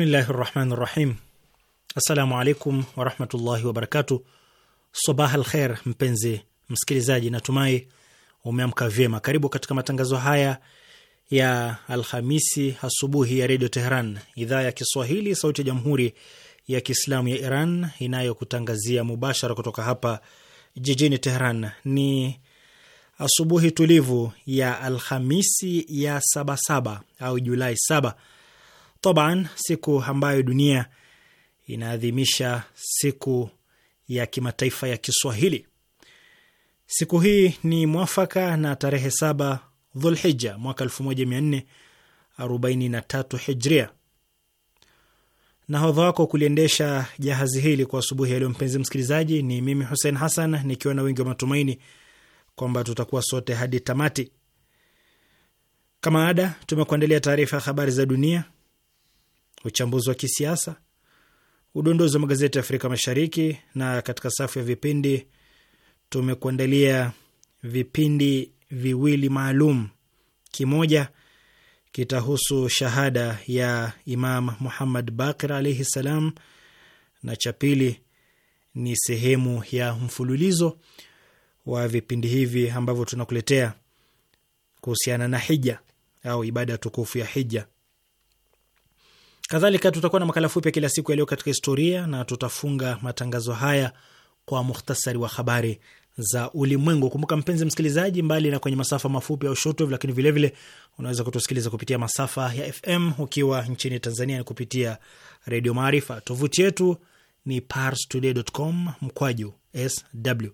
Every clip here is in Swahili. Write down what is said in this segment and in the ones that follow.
Bismillahi rahmani rahim. Assalamu alaikum warahmatullahi wabarakatu. Sabah al kher, mpenzi msikilizaji, natumai umeamka vyema. Karibu katika matangazo haya ya Alhamisi asubuhi ya Redio tehran idhaa ya Kiswahili, sauti ya Jamhuri ya Kiislamu ya Iran inayokutangazia mubashara kutoka hapa jijini tehran Ni asubuhi tulivu ya Alhamisi ya sabasaba au Julai saba Taban, siku ambayo dunia inaadhimisha siku ya kimataifa ya Kiswahili. Siku hii ni mwafaka na tarehe saba Dhulhija mwaka 1443 Hijria. Nahodha wako kuliendesha jahazi hili kwa asubuhi yaliyo, mpenzi msikilizaji, ni mimi Hussein Hassan, nikiwa na wengi wa matumaini kwamba tutakuwa sote hadi tamati. Kama ada, tumekuandalia taarifa ya habari za dunia uchambuzi wa kisiasa, udondozi wa magazeti ya Afrika Mashariki, na katika safu ya vipindi tumekuandalia vipindi viwili maalum. Kimoja kitahusu shahada ya Imam Muhammad Bakir alaihi ssalam, na cha pili ni sehemu ya mfululizo wa vipindi hivi ambavyo tunakuletea kuhusiana na hija au ibada tukufu ya hija. Kadhalika tutakuwa na makala fupi ya kila siku yaliyo katika historia, na tutafunga matangazo haya kwa muhtasari wa habari za ulimwengu. Kumbuka mpenzi msikilizaji, mbali na kwenye masafa mafupi au shortwave, lakini vilevile unaweza kutusikiliza kupitia masafa ya FM ukiwa nchini Tanzania ni kupitia Redio Maarifa. Tovuti yetu ni parstoday.com mkwaju sw.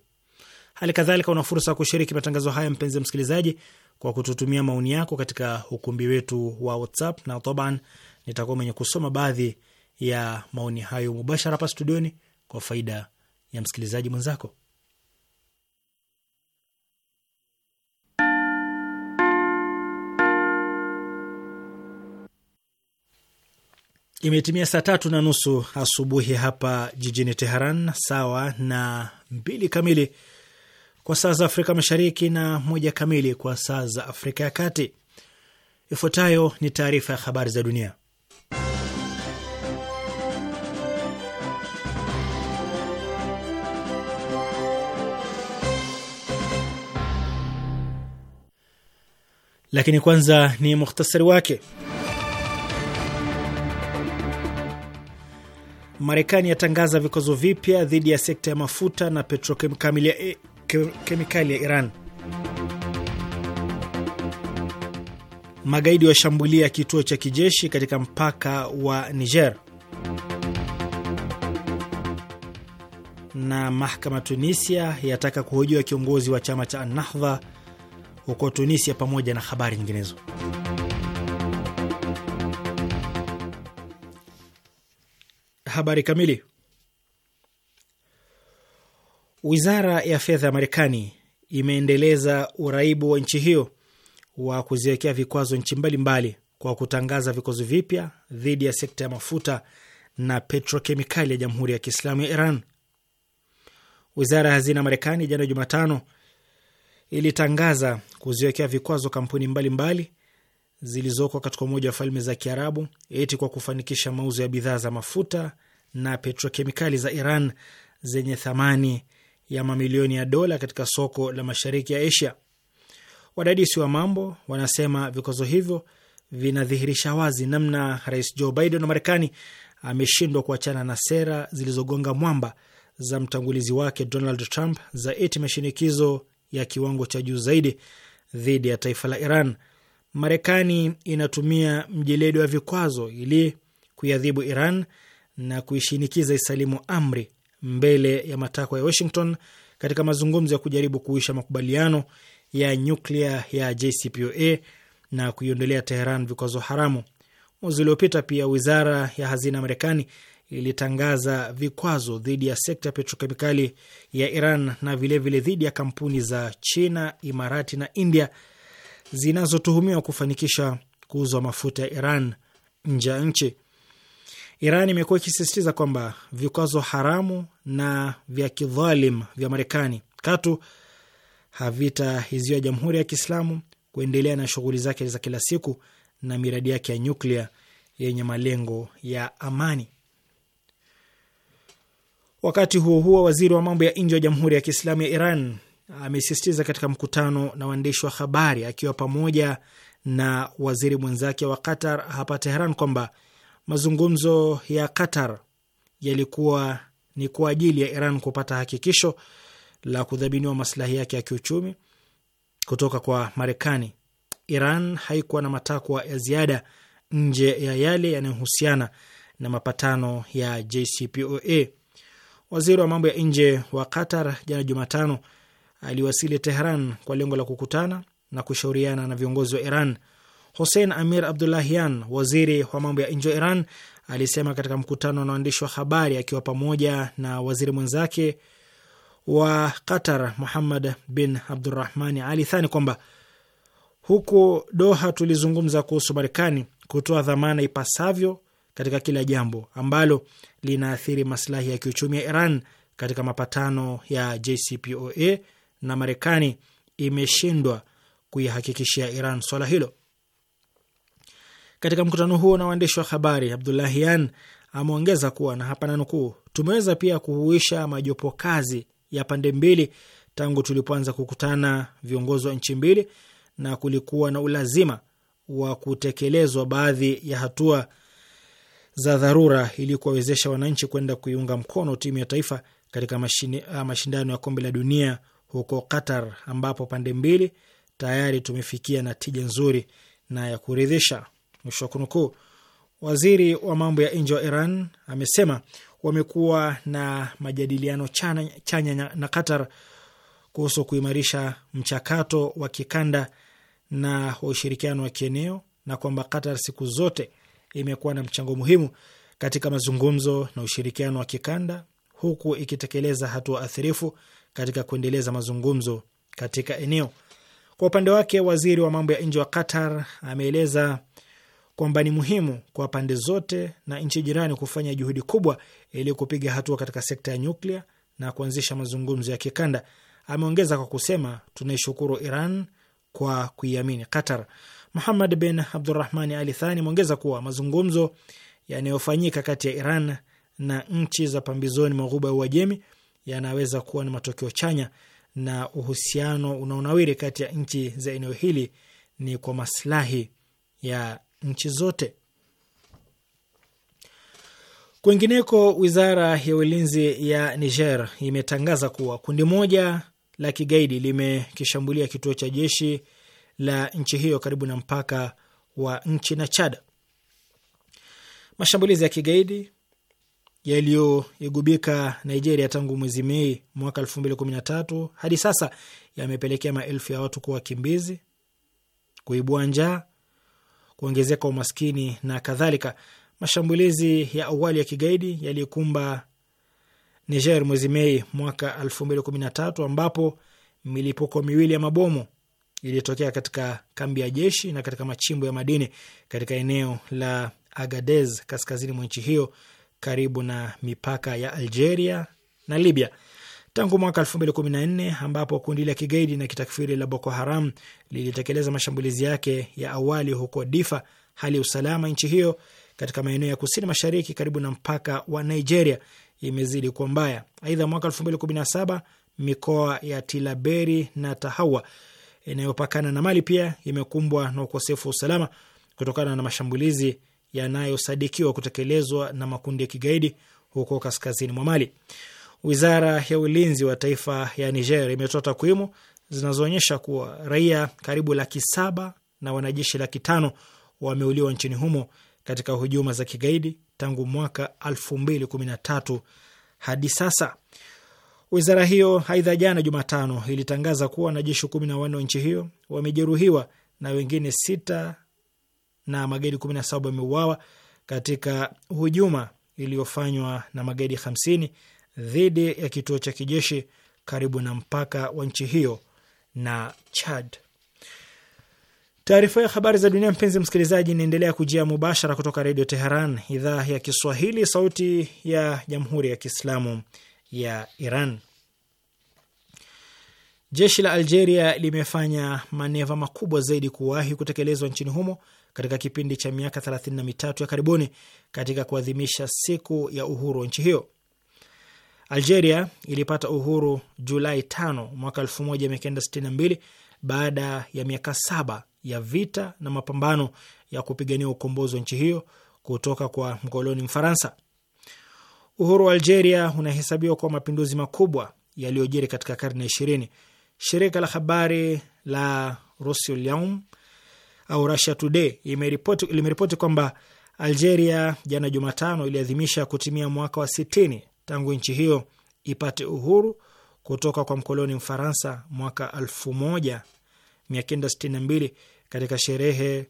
Hali kadhalika una fursa ya kushiriki matangazo haya, mpenzi msikilizaji, kwa kututumia maoni yako katika ukumbi wetu wa WhatsApp na Taban nitakuwa mwenye kusoma baadhi ya maoni hayo mubashara hapa studioni kwa faida ya msikilizaji mwenzako. Imetimia saa tatu na nusu asubuhi hapa jijini Teheran, sawa na mbili kamili kwa saa za Afrika Mashariki na moja kamili kwa saa za Afrika ya Kati. Ifuatayo ni taarifa ya habari za dunia lakini kwanza ni muhtasari wake. Marekani yatangaza vikwazo vipya dhidi ya sekta ya mafuta na petrokemikali ya, e, ya Iran. Magaidi washambulia kituo cha kijeshi katika mpaka wa Niger. Na mahakama Tunisia yataka kuhojiwa kiongozi wa chama cha anahdha huko Tunisia, pamoja na habari nyinginezo. Habari kamili. Wizara ya fedha ya Marekani imeendeleza uraibu wa nchi hiyo wa kuziwekea vikwazo nchi mbalimbali kwa kutangaza vikwazo vipya dhidi ya sekta ya mafuta na petrokemikali ya Jamhuri ya Kiislamu ya Iran. Wizara ya hazina Marekani jana Jumatano ilitangaza kuziwekea vikwazo kampuni mbalimbali zilizoko katika Umoja wa Falme za Kiarabu eti kwa kufanikisha mauzo ya bidhaa za mafuta na petrokemikali za Iran zenye thamani ya mamilioni ya dola katika soko la mashariki ya Asia. Wadadisi wa mambo wanasema vikwazo hivyo vinadhihirisha wazi namna Rais Joe Biden wa Marekani ameshindwa kuachana na sera zilizogonga mwamba za mtangulizi wake Donald Trump za eti mashinikizo ya kiwango cha juu zaidi dhidi ya taifa la Iran. Marekani inatumia mjeledi wa vikwazo ili kuiadhibu Iran na kuishinikiza isalimu amri mbele ya matakwa ya Washington katika mazungumzo ya kujaribu kuisha makubaliano ya nyuklia ya JCPOA na kuiondolea Teheran vikwazo haramu. Mwezi uliopita pia wizara ya hazina ya Marekani ilitangaza vikwazo dhidi ya sekta ya petrokemikali ya Iran na vilevile dhidi ya kampuni za China, Imarati na India zinazotuhumiwa kufanikisha kuuzwa mafuta ya Iran nje ya nchi. Iran imekuwa ikisisitiza kwamba vikwazo haramu na vya kidhalim vya Marekani katu havitaizuia Jamhuri ya Kiislamu kuendelea na shughuli zake za kila siku na miradi yake ya nyuklia yenye malengo ya amani. Wakati huo huo, waziri wa mambo ya nje wa Jamhuri ya Kiislamu ya Iran amesisitiza katika mkutano na waandishi wa habari akiwa pamoja na waziri mwenzake wa Qatar hapa Teheran kwamba mazungumzo ya Qatar yalikuwa ni kwa ajili ya Iran kupata hakikisho la kudhaminiwa maslahi yake ya kiuchumi kutoka kwa Marekani. Iran haikuwa na matakwa ya ziada nje ya yale yanayohusiana na mapatano ya JCPOA. Waziri wa mambo ya nje wa Qatar jana Jumatano aliwasili Tehran kwa lengo la kukutana na kushauriana na viongozi wa Iran. Hussein Amir Abdullahian, waziri wa mambo ya nje wa Iran, alisema katika mkutano na waandishi wa habari akiwa pamoja na waziri mwenzake wa Qatar Muhammad bin Abdurahmani Ali Thani kwamba huku Doha tulizungumza kuhusu Marekani kutoa dhamana ipasavyo katika kila jambo ambalo linaathiri maslahi ya kiuchumi ya Iran katika mapatano ya JCPOA na Marekani imeshindwa kuihakikishia Iran swala hilo. Katika mkutano huo na waandishi wa habari, Abdullahian ameongeza kuwa na hapa nanukuu, tumeweza pia kuhuisha majopo kazi ya pande mbili tangu tulipoanza kukutana viongozi wa nchi mbili, na kulikuwa na ulazima wa kutekelezwa baadhi ya hatua za dharura ili kuwawezesha wananchi kwenda kuiunga mkono timu ya taifa katika ah, mashindano ya kombe la dunia huko Qatar, ambapo pande mbili tayari tumefikia na tija nzuri na ya kuridhisha. Mwisho wa kunukuu. Waziri wa mambo ya nje wa Iran amesema wamekuwa na majadiliano chanya, chanya na Qatar kuhusu kuimarisha mchakato wa kikanda na wa ushirikiano wa kieneo na kwamba Qatar siku zote imekuwa na mchango muhimu katika mazungumzo na ushirikiano wa kikanda huku ikitekeleza hatua athirifu katika kuendeleza mazungumzo katika eneo. Kwa upande wake, waziri wa mambo ya nje wa Qatar ameeleza kwamba ni muhimu kwa pande zote na nchi jirani kufanya juhudi kubwa ili kupiga hatua katika sekta ya nyuklia na kuanzisha mazungumzo ya kikanda. Ameongeza kwa kusema, tunaishukuru Iran kwa kuiamini Qatar. Muhamad bin Abdurahmani Ali Thani ameongeza kuwa mazungumzo yanayofanyika kati ya Iran na nchi za pambizoni mwa ghuba ya Uajemi yanaweza kuwa na matokeo chanya na uhusiano unaonawiri kati ya nchi za eneo hili ni kwa maslahi ya nchi zote. Kwingineko, wizara ya ulinzi ya Niger imetangaza kuwa kundi moja la kigaidi limekishambulia kituo cha jeshi la nchi hiyo karibu na mpaka wa nchi na Chad. Mashambulizi ya kigaidi yaliyoigubika Nigeria tangu mwezi Mei mwaka elfu mbili kumi na tatu hadi sasa yamepelekea maelfu ya watu kuwa wakimbizi, kuibua njaa, kuongezeka umaskini na kadhalika. Mashambulizi ya awali ya kigaidi yalikumba Niger mwezi Mei mwaka elfu mbili kumi na tatu ambapo milipuko miwili ya mabomu iliyotokea katika kambi ya jeshi na katika machimbo ya madini katika eneo la Agadez kaskazini mwa nchi hiyo karibu na mipaka ya Algeria na Libya tangu mwaka 2014 ambapo kundi la kigaidi na kitakfiri la Boko Haram lilitekeleza mashambulizi yake ya awali huko Difa. Hali ya usalama nchi hiyo katika maeneo ya kusini mashariki karibu na mpaka wa Nigeria imezidi kuwa mbaya. Aidha, mwaka 2017 mikoa ya Tilaberi na Tahawa inayopakana na Mali pia imekumbwa na ukosefu wa usalama kutokana na mashambulizi yanayosadikiwa kutekelezwa na makundi ya kigaidi huko kaskazini mwa Mali. Wizara ya ulinzi wa taifa ya Niger imetoa takwimu zinazoonyesha kuwa raia karibu laki saba na wanajeshi laki tano wameuliwa nchini humo katika hujuma za kigaidi tangu mwaka 2013 hadi sasa. Wizara hiyo aidha, jana Jumatano, ilitangaza kuwa wanajeshi kumi na wanne wa nchi hiyo wamejeruhiwa na wengine sita na magaidi kumi na saba wameuawa katika hujuma iliyofanywa na magaidi hamsini dhidi ya kituo cha kijeshi karibu na mpaka wa nchi hiyo na Chad. Taarifa ya habari za dunia, mpenzi msikilizaji, inaendelea kujia mubashara kutoka Redio Teheran, idhaa ya Kiswahili, sauti ya jamhuri ya kiislamu ya Iran. Jeshi la Algeria limefanya maneva makubwa zaidi kuwahi kutekelezwa nchini humo katika kipindi cha miaka 33 ya karibuni katika kuadhimisha siku ya uhuru wa nchi hiyo. Algeria ilipata uhuru Julai 5 mwaka 1962 baada ya miaka saba ya vita na mapambano ya kupigania ukombozi wa nchi hiyo kutoka kwa mkoloni Mfaransa. Uhuru wa Algeria unahesabiwa kwa mapinduzi makubwa yaliyojiri katika karne ya ishirini. Shirika la habari la Rusulyaum au Russia Today limeripoti kwamba Algeria jana Jumatano iliadhimisha kutimia mwaka wa sitini tangu nchi hiyo ipate uhuru kutoka kwa mkoloni Mfaransa mwaka elfu moja mia kenda sitini na mbili katika sherehe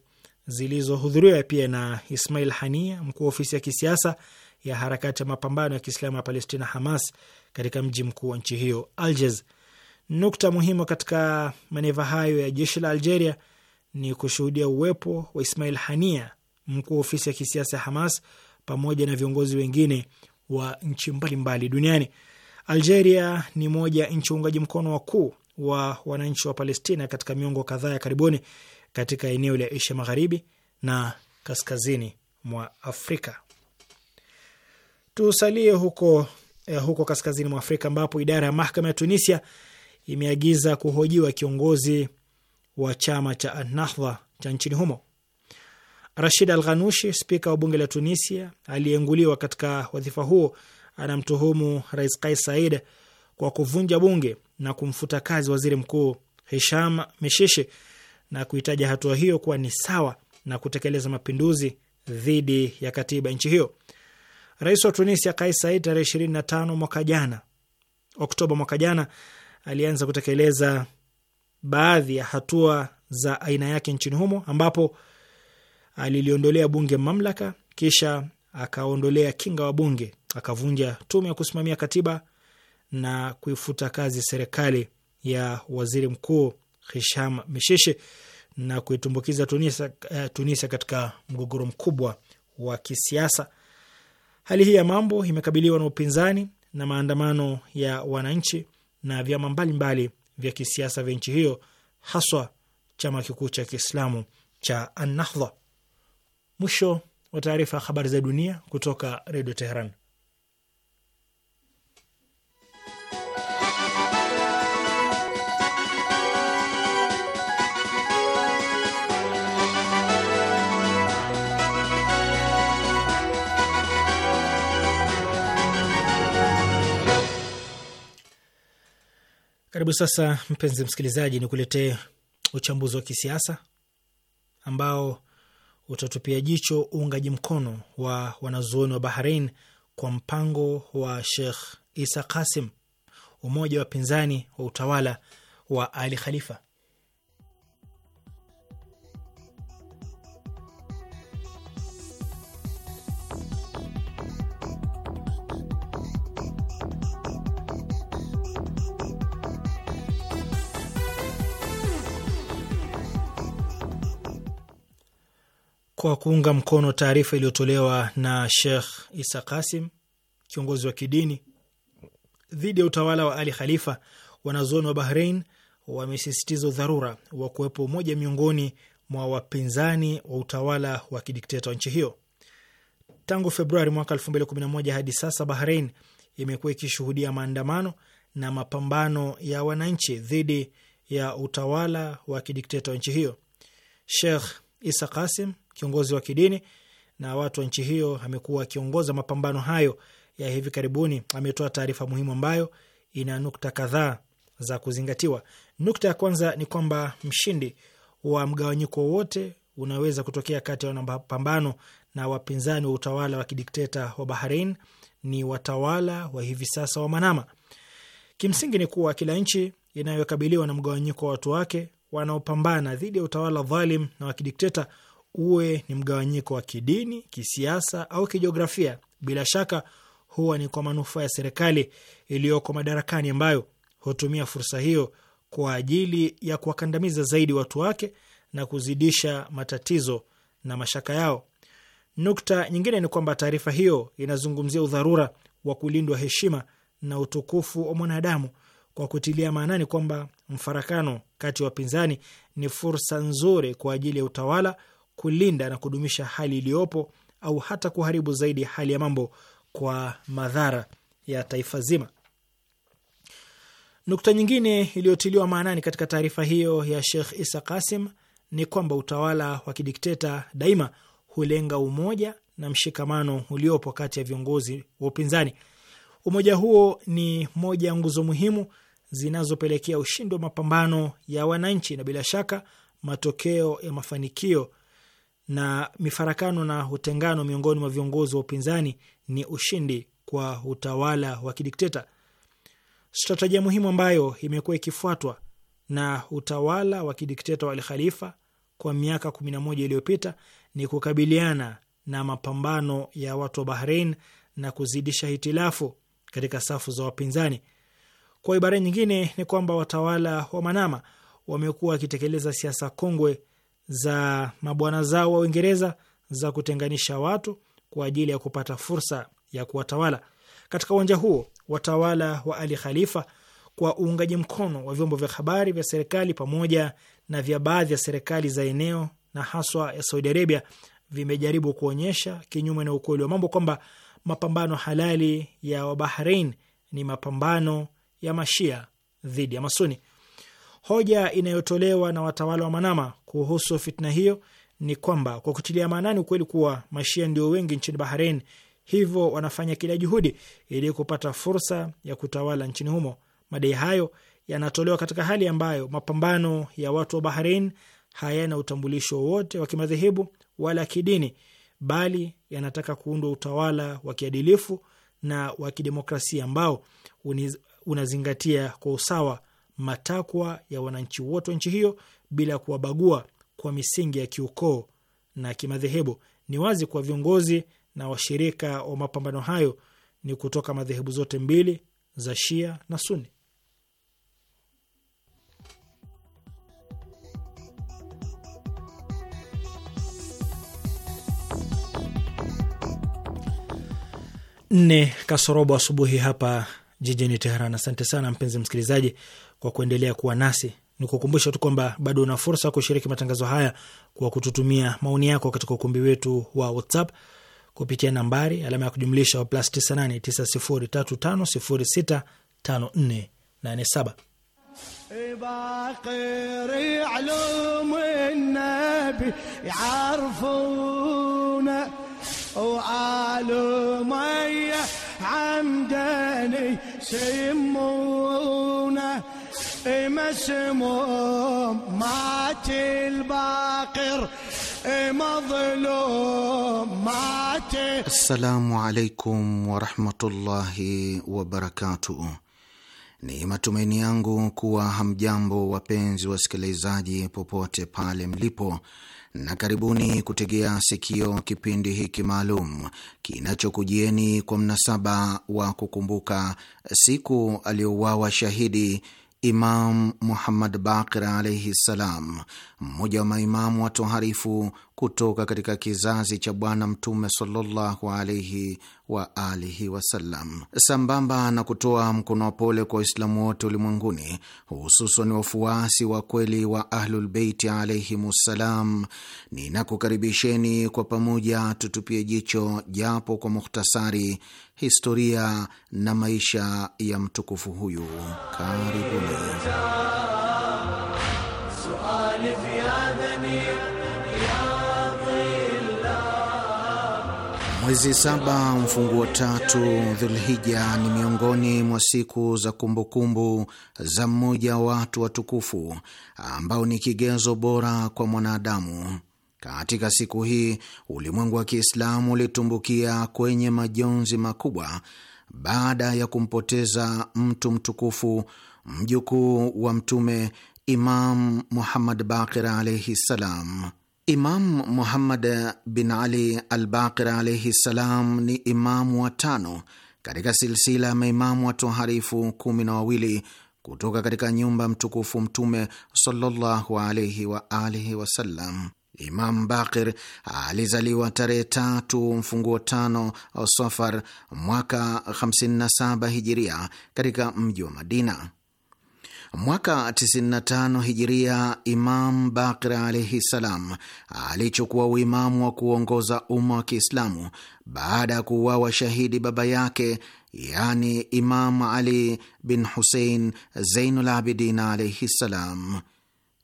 zilizohudhuriwa pia na Ismail Hania, mkuu wa ofisi ya kisiasa ya harakati ya mapambano ya Kiislamu ya Palestina, Hamas, katika mji mkuu wa nchi hiyo Alges. Nukta muhimu katika maneva hayo ya jeshi la Algeria ni kushuhudia uwepo wa Ismail Hania, mkuu wa ofisi ya kisiasa ya Hamas, pamoja na viongozi wengine wa nchi mbalimbali duniani. Algeria ni moja ya nchi uungaji mkono wakuu wa wananchi wa Palestina katika miongo kadhaa ya karibuni katika eneo la Asia Magharibi na kaskazini mwa Afrika. Tusalie huko, eh, huko kaskazini mwa Afrika ambapo idara ya mahakama ya Tunisia imeagiza kuhojiwa kiongozi wa chama cha Ennahda cha nchini humo Rashid Al Ghanushi, spika wa bunge la Tunisia aliyeenguliwa katika wadhifa huo, anamtuhumu Rais Kais Said kwa kuvunja bunge na kumfuta kazi waziri mkuu Hisham Mishishi na kuitaja hatua hiyo kuwa ni sawa na kutekeleza mapinduzi dhidi ya katiba nchi hiyo. Rais wa Tunisia Kais Saied tarehe ishirini na tano mwaka jana, Oktoba mwaka jana, alianza kutekeleza baadhi ya hatua za aina yake nchini humo, ambapo aliliondolea bunge mamlaka, kisha akaondolea kinga wa bunge, akavunja tume ya kusimamia katiba na kuifuta kazi serikali ya waziri mkuu Hisham Mishishi na kuitumbukiza Tunisia, eh, Tunisia katika mgogoro mkubwa wa kisiasa. Hali hii ya mambo imekabiliwa na upinzani na maandamano ya wananchi na vyama mbalimbali vya kisiasa vya nchi hiyo, haswa chama kikuu cha Kiislamu cha Annahdha. Mwisho wa taarifa ya habari za dunia kutoka Redio Teheran. Karibu sasa, mpenzi msikilizaji, ni kuletee uchambuzi wa kisiasa ambao utatupia jicho uungaji mkono wa wanazuoni wa Bahrain kwa mpango wa Sheikh Isa Kasim, umoja wa pinzani wa utawala wa Ali Khalifa. kwa kuunga mkono taarifa iliyotolewa na Sheikh Isa Kasim, kiongozi wa kidini dhidi ya utawala wa Ali Khalifa, wanazuoni wa bahrein wamesisitiza udharura wa kuwepo umoja miongoni mwa wapinzani wa utawala wa kidikteta wa nchi hiyo. Tangu Februari mwaka 2011 hadi sasa, bahrein imekuwa ikishuhudia maandamano na mapambano ya wananchi dhidi ya utawala wa kidikteta wa nchi hiyo. Sheikh Isa Kasim kiongozi wa kidini na watu wa nchi hiyo amekuwa akiongoza mapambano hayo ya hivi karibuni, ametoa taarifa muhimu ambayo ina nukta kadhaa za kuzingatiwa. Nukta ya kwanza ni kwamba mshindi wa mgawanyiko wowote unaweza kutokea kati ya wanapambano na wapinzani wa utawala wa kidikteta wa Bahrain ni watawala wa hivi sasa wa Manama. Kimsingi ni kuwa kila nchi inayokabiliwa na mgawanyiko wa watu wake wanaopambana dhidi ya utawala dhalim na wa kidikteta uwe ni mgawanyiko wa kidini, kisiasa au kijiografia, bila shaka huwa ni kwa manufaa ya serikali iliyoko madarakani ambayo hutumia fursa hiyo kwa ajili ya kuwakandamiza zaidi watu wake na kuzidisha matatizo na mashaka yao. Nukta nyingine ni kwamba taarifa hiyo inazungumzia udharura wa kulindwa heshima na utukufu wa mwanadamu kwa kutilia maanani kwamba mfarakano kati ya wapinzani ni fursa nzuri kwa ajili ya utawala kulinda na kudumisha hali iliyopo au hata kuharibu zaidi hali ya mambo kwa madhara ya taifa zima. Nukta nyingine iliyotiliwa maanani katika taarifa hiyo ya Sheikh Isa Kasim ni kwamba utawala wa kidikteta daima hulenga umoja na mshikamano uliopo kati ya viongozi wa upinzani. Umoja huo ni moja ya nguzo muhimu zinazopelekea ushindi wa mapambano ya wananchi na bila shaka matokeo ya mafanikio na mifarakano na utengano miongoni mwa viongozi wa upinzani ni ushindi kwa utawala wa kidikteta. Stratejia muhimu ambayo imekuwa ikifuatwa na utawala wa kidikteta wa Alkhalifa kwa miaka moja iliyopita ni kukabiliana na mapambano ya watu wa Bahrein na kuzidisha hitilafu katika safu za wapinzani. Kwa ibara nyingine, ni kwamba watawala wa Manama wamekuwa wakitekeleza siasa kongwe za mabwana zao wa Uingereza za kutenganisha watu kwa ajili ya kupata fursa ya kuwatawala. Katika uwanja huo, watawala wa Ali Khalifa kwa uungaji mkono wa vyombo vya habari vya serikali pamoja na vya baadhi ya serikali za eneo na haswa ya Saudi Arabia vimejaribu kuonyesha kinyume na ukweli wa mambo kwamba mapambano halali ya Wabahrein ni mapambano ya Mashia dhidi ya Masuni. Hoja inayotolewa na watawala wa Manama kuhusu fitna hiyo ni kwamba kwa kutilia maanani ukweli kuwa Mashia ndio wengi nchini Bahrain, hivyo wanafanya kila juhudi ili kupata fursa ya kutawala nchini humo. Madai hayo yanatolewa katika hali ambayo mapambano ya watu wa Bahrain hayana utambulisho wowote wa kimadhehebu wala kidini, bali yanataka kuundwa utawala wa kiadilifu na wa kidemokrasia ambao unazingatia kwa usawa matakwa ya wananchi wote wa nchi hiyo bila ya kuwabagua kwa misingi ya kiukoo na kimadhehebu. Ni wazi kwa viongozi na washirika wa mapambano hayo ni kutoka madhehebu zote mbili za Shia na Suni. Nne kasorobo asubuhi hapa jijini Teheran. Asante sana mpenzi msikilizaji kwa kuendelea kuwa nasi. ni kukumbusha tu kwamba bado una fursa kushiriki matangazo haya kwa kututumia maoni yako katika ukumbi wetu wa WhatsApp kupitia nambari alama ya kujumlisha plus 98 باقر علوم النبي يعرفونه عمدني سموه مسموم مات الباقر مظلوم مات السلام عليكم ورحمة الله وبركاته Ni matumaini yangu kuwa hamjambo wapenzi wasikilizaji, popote pale mlipo, na karibuni kutegea sikio kipindi hiki maalum kinachokujieni kwa mnasaba wa kukumbuka siku aliyouawa shahidi Imam Muhammad Baqir alaihi ssalam, mmoja wa maimamu watoharifu kutoka katika kizazi cha Bwana Mtume sallallahu alaihi wa alihi wasallam, sambamba na kutoa mkono wa pole kwa Waislamu wote ulimwenguni, hususan wafuasi wa kweli wa Ahlulbeiti alaihimussalam. Ninakukaribisheni kwa pamoja tutupie jicho japo kwa mukhtasari historia na maisha ya mtukufu huyu. Karibuni. Mwezi saba mfunguo tatu Dhulhija ni miongoni mwa siku za kumbukumbu za mmoja wa watu watukufu ambao ni kigezo bora kwa mwanadamu. Katika siku hii ulimwengu wa Kiislamu ulitumbukia kwenye majonzi makubwa baada ya kumpoteza mtu mtukufu, mjukuu wa Mtume Imam Muhammad Bakir alaihi ssalam. Imam Muhammad bin Ali Albaqir alaihi ssalam ni imamu wa tano katika silsila ya maimamu watoharifu kumi na wawili kutoka katika nyumba mtukufu Mtume sallallahu alaihi wa alihi wasallam. Imam Bakir alizaliwa tarehe tatu mfunguo tano Safar mwaka 57 hijiria katika mji wa Madina. Mwaka 95 hijiria, Imam Bakir alaihi ssalam alichukua uimamu wa kuongoza umma wa Kiislamu baada ya kuuawa shahidi baba yake, yani Imam Ali bin Husein Zeinul Abidin alaihi ssalam.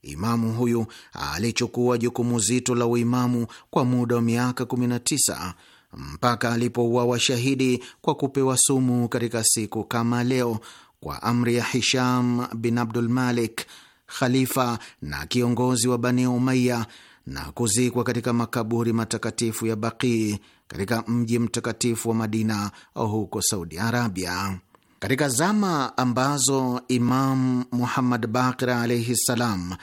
Imamu huyu alichukua jukumu zito la uimamu kwa muda wa miaka 19 mpaka alipouawa shahidi kwa kupewa sumu katika siku kama leo kwa amri ya Hisham bin Abdul Malik, khalifa na kiongozi wa Bani Umaya, na kuzikwa katika makaburi matakatifu ya Baqii katika mji mtakatifu wa Madina huko Saudi Arabia. Katika zama ambazo Imam Muhammad Baqir alaihi ssalam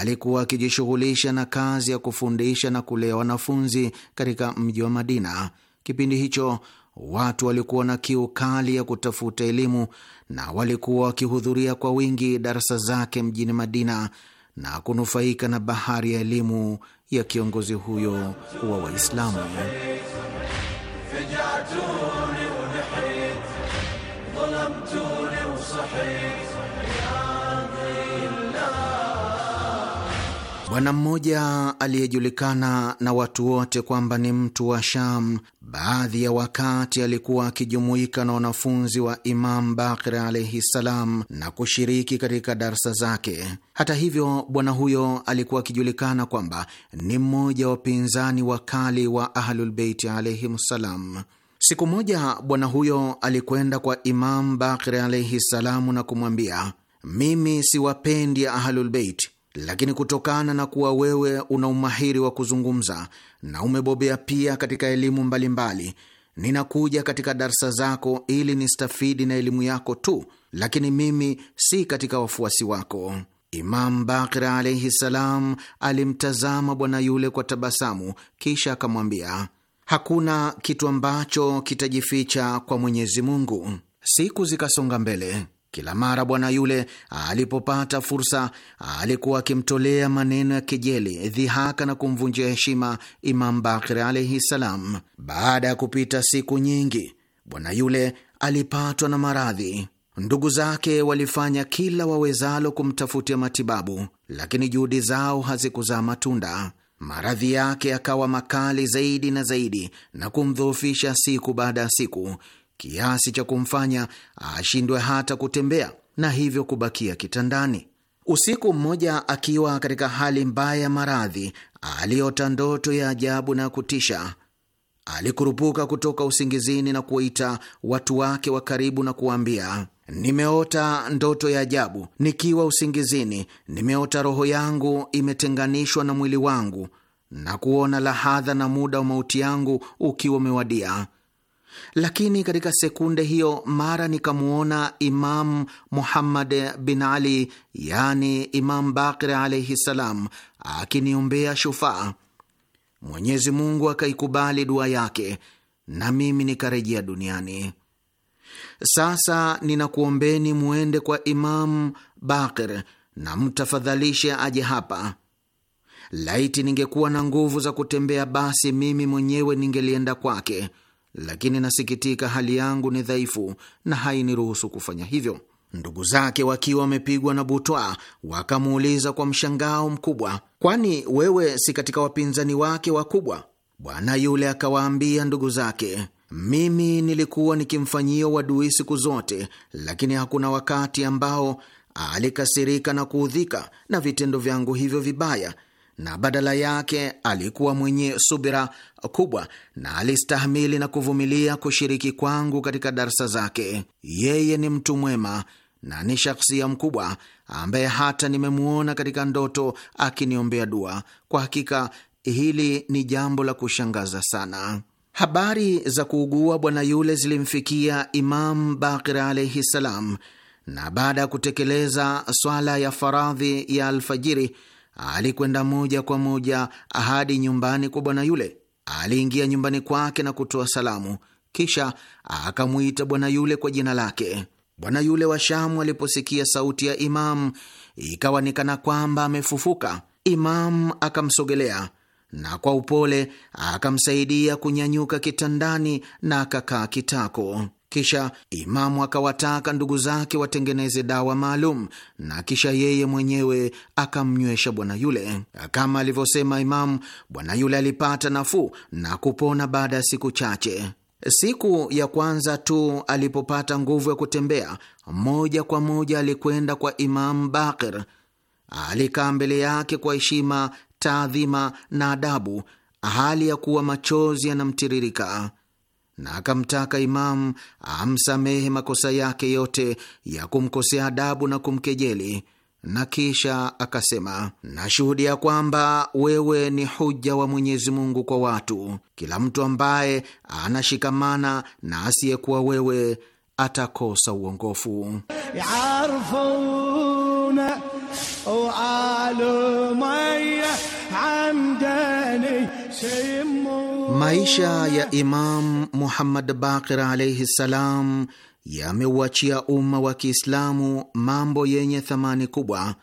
alikuwa akijishughulisha na kazi ya kufundisha na kulea wanafunzi katika mji wa Madina, kipindi hicho watu walikuwa na kiu kali ya kutafuta elimu na walikuwa wakihudhuria kwa wingi darasa zake mjini Madina na kunufaika na bahari ya elimu ya kiongozi huyo wa Waislamu. Bwana mmoja aliyejulikana na watu wote kwamba ni mtu wa Sham, baadhi ya wakati alikuwa akijumuika na wanafunzi wa Imam Bakir alaihi ssalam na kushiriki katika darsa zake. Hata hivyo, bwana huyo alikuwa akijulikana kwamba ni mmoja wa wapinzani wakali wa Ahlulbeiti alaihim ssalam. Siku moja bwana huyo alikwenda kwa Imam Bakir alaihi ssalamu na kumwambia, mimi siwapendi Ahlulbeiti lakini kutokana na kuwa wewe una umahiri wa kuzungumza na umebobea pia katika elimu mbalimbali, ninakuja katika darsa zako ili nistafidi na elimu yako tu, lakini mimi si katika wafuasi wako. Imam Bakir alaihi salam alimtazama bwana yule kwa tabasamu, kisha akamwambia, hakuna kitu ambacho kitajificha kwa Mwenyezi Mungu. Siku zikasonga mbele. Kila mara bwana yule alipopata fursa, alikuwa akimtolea maneno ya kejeli, dhihaka na kumvunjia heshima Imam Bakir alaihi ssalam Baada ya kupita siku nyingi, bwana yule alipatwa na maradhi. Ndugu zake walifanya kila wawezalo kumtafutia matibabu, lakini juhudi zao hazikuzaa matunda. Maradhi yake yakawa makali zaidi na zaidi na kumdhoofisha siku baada ya siku, kiasi cha kumfanya ashindwe hata kutembea na hivyo kubakia kitandani. Usiku mmoja, akiwa katika hali mbaya ya maradhi, aliota ndoto ya ajabu na kutisha. Alikurupuka kutoka usingizini na kuwaita watu wake wa karibu na kuwaambia, nimeota ndoto ya ajabu. Nikiwa usingizini, nimeota roho yangu imetenganishwa na mwili wangu na kuona lahadha na muda wa mauti yangu ukiwa umewadia. Lakini katika sekunde hiyo mara nikamwona Imam Muhammad bin Ali, yani Imam Bakir alaihi salam, akiniombea shufaa. Mwenyezi Mungu akaikubali dua yake na mimi nikarejea duniani. Sasa ninakuombeni mwende kwa Imam Bakir na mtafadhalishe aje hapa. Laiti ningekuwa na nguvu za kutembea, basi mimi mwenyewe ningelienda kwake lakini nasikitika, hali yangu ni dhaifu na hainiruhusu kufanya hivyo. Ndugu zake wakiwa wamepigwa na butwa, wakamuuliza kwa mshangao mkubwa, kwani wewe si katika wapinzani wake wakubwa? Bwana yule akawaambia ndugu zake, mimi nilikuwa nikimfanyia wadui siku zote, lakini hakuna wakati ambao alikasirika na kuudhika na vitendo vyangu hivyo vibaya na badala yake alikuwa mwenye subira kubwa na alistahimili na kuvumilia kushiriki kwangu katika darsa zake. Yeye ni mtu mwema na ni shakhsia mkubwa ambaye hata nimemuona katika ndoto akiniombea dua. Kwa hakika hili ni jambo la kushangaza sana. Habari za kuugua bwana yule zilimfikia Imam Bakir alaihi ssalam, na baada ya kutekeleza swala ya faradhi ya alfajiri alikwenda moja kwa moja hadi nyumbani kwa bwana yule. Aliingia nyumbani kwake na kutoa salamu, kisha akamwita bwana yule kwa jina lake. Bwana yule wa Shamu aliposikia sauti ya Imamu ikawa ni kana kwamba amefufuka. Imamu akamsogelea na kwa upole akamsaidia kunyanyuka kitandani na akakaa kitako. Kisha Imamu akawataka ndugu zake watengeneze dawa maalum na kisha yeye mwenyewe akamnywesha bwana yule. Kama alivyosema Imamu, bwana yule alipata nafuu na kupona baada ya siku chache. Siku ya kwanza tu alipopata nguvu ya kutembea, moja kwa moja alikwenda kwa Imamu Bakir. Alikaa mbele yake kwa heshima, taadhima na adabu, hali ya kuwa machozi yanamtiririka na akamtaka Imamu amsamehe makosa yake yote ya kumkosea adabu na kumkejeli, na kisha akasema, nashuhudia kwamba wewe ni huja wa Mwenyezi Mungu kwa watu. Kila mtu ambaye anashikamana na asiyekuwa wewe atakosa uongofu. Maisha ya Imam Muhammad Baqir alaihi ssalam yameuachia umma wa Kiislamu mambo yenye thamani kubwa.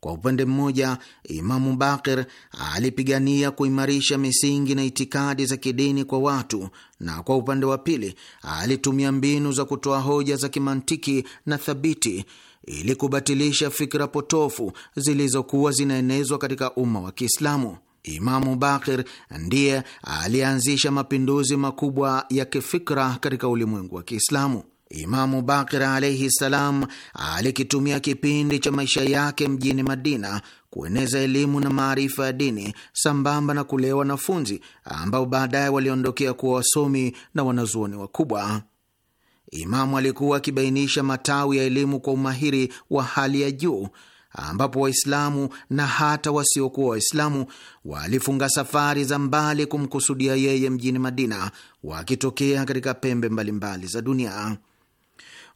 Kwa upande mmoja, Imamu Baqir alipigania kuimarisha misingi na itikadi za kidini kwa watu, na kwa upande wa pili alitumia mbinu za kutoa hoja za kimantiki na thabiti ili kubatilisha fikra potofu zilizokuwa zinaenezwa katika umma wa Kiislamu. Imamu Bakir ndiye alianzisha mapinduzi makubwa ya kifikra katika ulimwengu wa Kiislamu. Imamu Bakir alaihi ssalam alikitumia kipindi cha maisha yake mjini Madina kueneza elimu na maarifa ya dini sambamba na kulea wanafunzi ambao baadaye waliondokea kuwa wasomi na wanazuoni wakubwa. Imamu alikuwa akibainisha matawi ya elimu kwa umahiri wa hali ya juu ambapo Waislamu na hata wasiokuwa Waislamu walifunga safari za mbali kumkusudia yeye mjini Madina, wakitokea katika pembe mbalimbali mbali za dunia.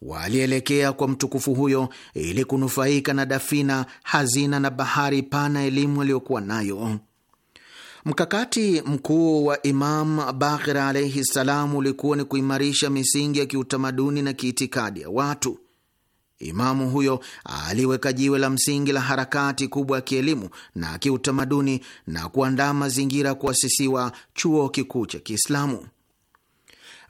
Walielekea kwa mtukufu huyo ili kunufaika na dafina, hazina na bahari pana elimu aliyokuwa nayo. Mkakati mkuu wa Imam Bakir alaihi ssalam ulikuwa ni kuimarisha misingi ya kiutamaduni na kiitikadi ya watu Imamu huyo aliweka jiwe la msingi la harakati kubwa ya kielimu na kiutamaduni na kuandaa mazingira kuasisiwa chuo kikuu cha Kiislamu.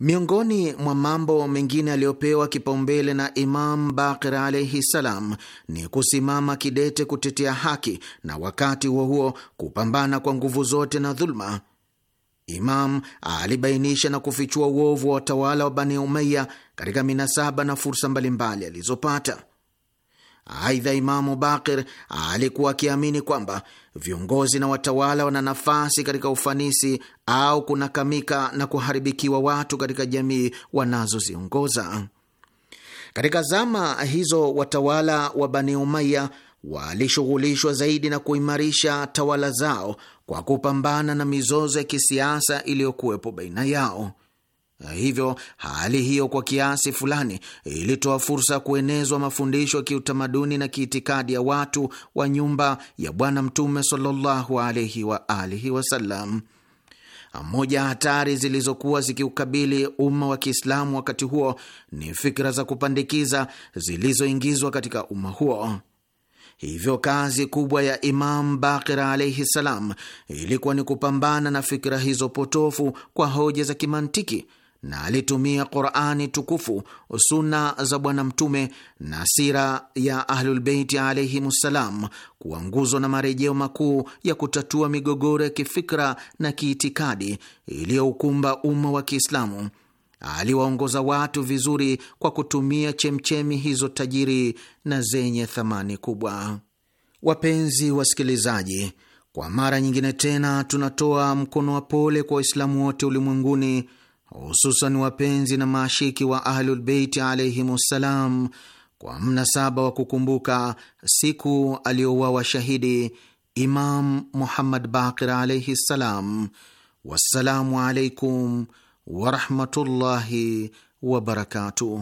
Miongoni mwa mambo mengine aliyopewa kipaumbele na Imam Bakir alaihi salam ni kusimama kidete kutetea haki na wakati huo huo kupambana kwa nguvu zote na dhuluma. Imam alibainisha na kufichua uovu wa watawala wa Bani umaya katika minasaba na fursa mbalimbali alizopata. Aidha, Imamu Bakir alikuwa akiamini kwamba viongozi na watawala wana nafasi katika ufanisi au kunakamika na kuharibikiwa watu katika jamii wanazoziongoza. Katika zama hizo watawala wa Bani Umaya walishughulishwa zaidi na kuimarisha tawala zao kwa kupambana na mizozo ya kisiasa iliyokuwepo baina yao. Hivyo hali hiyo kwa kiasi fulani ilitoa fursa ya kuenezwa mafundisho ya kiutamaduni na kiitikadi ya watu wa nyumba ya Bwana Mtume sallallahu alaihi wa alihi wasallam. Moja hatari zilizokuwa zikiukabili umma wa Kiislamu wakati huo ni fikra za kupandikiza zilizoingizwa katika umma huo. Hivyo kazi kubwa ya Imam Bakir alaihi salam ilikuwa ni kupambana na fikira hizo potofu kwa hoja za kimantiki na alitumia Qurani tukufu, suna za Bwana Mtume na sira ya Ahlulbeiti alaihimussalam kuwa nguzo na marejeo makuu ya kutatua migogoro ya kifikra na kiitikadi iliyoukumba umma wa Kiislamu aliwaongoza watu vizuri kwa kutumia chemchemi hizo tajiri na zenye thamani kubwa. Wapenzi wasikilizaji, kwa mara nyingine tena tunatoa mkono wa pole kwa Waislamu wote ulimwenguni, hususan wapenzi na maashiki wa Ahlulbeiti alaihim ssalam, kwa mnasaba wa kukumbuka siku aliyouawa shahidi Imam Muhammad Bakir alaihi ssalam. Wassalamu alaikum ورحمة الله وبركاته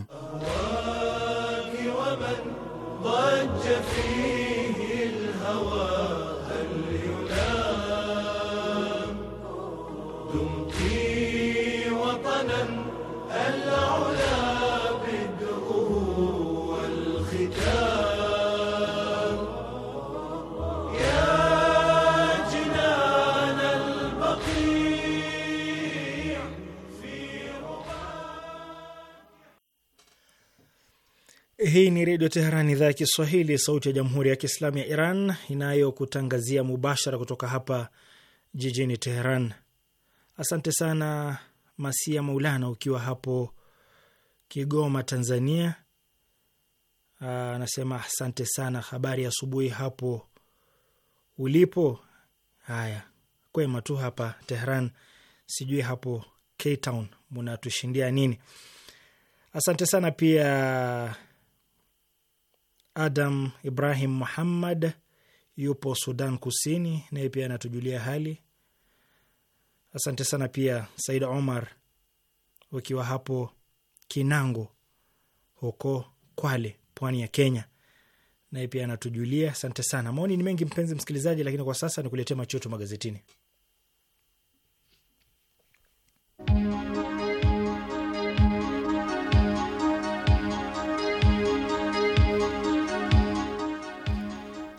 Hii ni Redio Teheran, idhaa ya Kiswahili, sauti ya Jamhuri ya Kiislamu ya Iran inayokutangazia mubashara kutoka hapa jijini Teheran. Asante sana Masia Maulana ukiwa hapo Kigoma, Tanzania. Ah, anasema asante sana, habari asubuhi hapo ulipo. Haya, kwema tu hapa Teheran, sijui hapo Ktown munatushindia nini? Asante sana pia Adam Ibrahim Muhammad yupo Sudan Kusini, naye pia anatujulia hali. Asante sana pia Said Omar wakiwa hapo Kinango huko Kwale, pwani ya Kenya, naye pia anatujulia. Asante sana. Maoni ni mengi mpenzi msikilizaji, lakini kwa sasa ni kuletea machoto magazetini.